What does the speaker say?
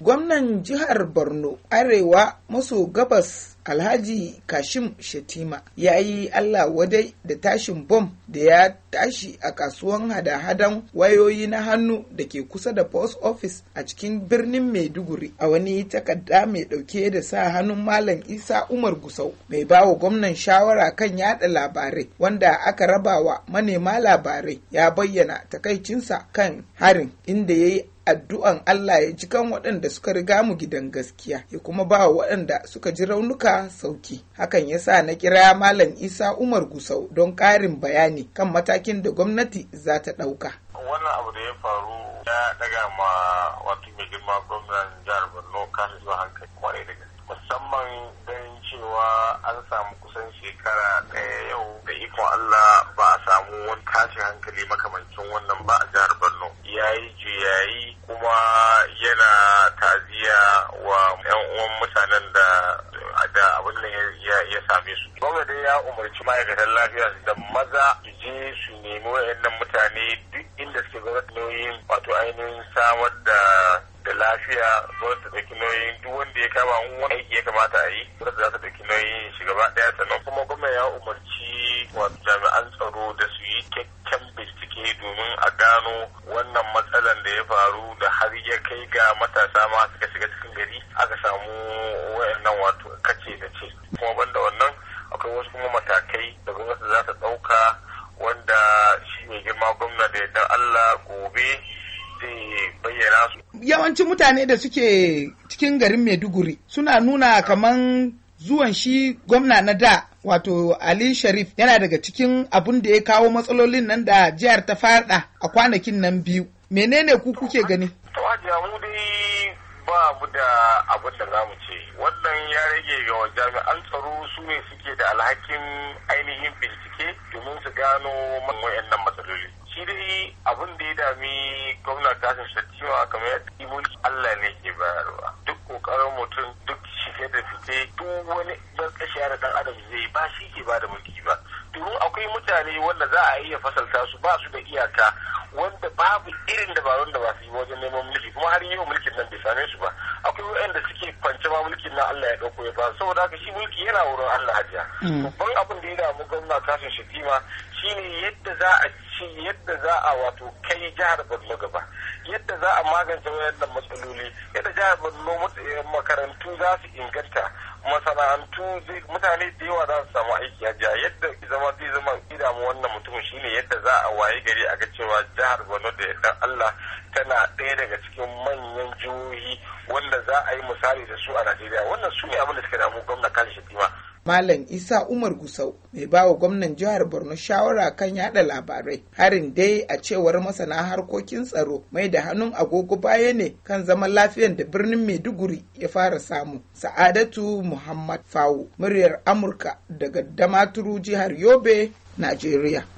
gwamnan jihar borno arewa maso gabas alhaji kashim Shatima, ya yi allah wadai da tashin bom da ya tashi a kasuwan hada-hadan wayoyi na hannu da ke kusa da post office a cikin birnin maiduguri a wani takarda mai dauke da sa hannun malam isa umar gusau mai bawa gwamnan shawara kan yada labarai wanda aka raba wa manema labarai ya bayyana takaicinsa kan harin inda ya yi addu'an Allah ya ji kan waɗanda suka riga mu gidan gaskiya ya kuma ba waɗanda suka ji raunuka sauki hakan ya sa na kira malam isa umar gusau don ƙarin bayani kan matakin da gwamnati za ta ɗauka wannan abu da ya faru ya ɗaga ma wato mai girma gwamnan jihar borno kan zuwa hankali kwarai da gaske musamman ganin cewa an samu kusan shekara ɗaya yau da ikon allah ba a samu wani tashin hankali makamancin wannan ba a jihar borno ya yi same su gwamnati ya umarci ma'aikatan lafiya da maza su je su nemi wayannan mutane duk inda suke gwamnati wato ainihin samar da da lafiya gwamnati ta ɗauki nauyin duk wanda ya kama wani aiki ya kamata a yi gwamnati za ta ɗauki nauyin shi gaba ɗaya sannan kuma gwamnati ya umarci wato jami'an tsaro da su yi kyakkyan bincike domin a gano wannan matsalan da ya faru da har ya kai ga matasa ma suka shiga cikin gari aka samu wayannan wato kace da ce kuma banda wannan akwai wasu kuma matakai da gwamnati za ta ɗauka wanda shi ne girma gwamna da Allah gobe zai bayyana su. Yawancin mutane da suke cikin garin Maiduguri suna nuna kaman zuwan shi gwamna na da wato Ali Sharif yana daga cikin abun da ya kawo matsalolin nan da jihar ta fada a kwanakin nan biyu. Menene ku kuke gani? ba mu da abin da za mu ce. Wannan ya rage ga jami'an suke da alhakin ainihin bincike domin su gano wayannan matsaloli shi dai abin da ya dami gwamna kasin shattima kamar yadda mulki Allah ne ke bayarwa duk kokarin mutum duk shige da fice duk wani kashe da dan adam zai ba shi ke ba da mulki ba domin akwai mutane wanda za a iya fasalta su ba su da iyaka babu irin dabarun da ba su yi wajen neman mulki kuma har yi wa mulkin nan bai same su ba akwai waɗanda suke kwance ma mulkin na Allah ya ɗauko ya ba saboda haka shi mulki yana wurin Allah hajiya mm. babban abin da ya damu gwamna kashin shatima shine yadda za a ci yadda za a wato kai jihar Borno gaba yadda za a magance wayannan matsaloli yadda jihar Borno eh, makarantu za su inganta masana'antu mutane da yawa za su samu aiki a jiya yadda zama zai zama shine yadda za a waye gari a ga cewa jihar Borno da dan Allah tana ɗaya daga cikin manyan jihohi wanda za a yi misali da su a Najeriya wannan su ne abin da suka damu gwamna kan shi Malam Isa Umar Gusau mai bawa gwamnan jihar Borno shawara kan yada labarai. Harin dai a cewar masana harkokin tsaro mai da hannun agogo baya ne kan zaman lafiyan da birnin Maiduguri ya fara samu. Sa'adatu Muhammad Fawo, muryar Amurka daga Damaturu jihar Yobe, Najeriya.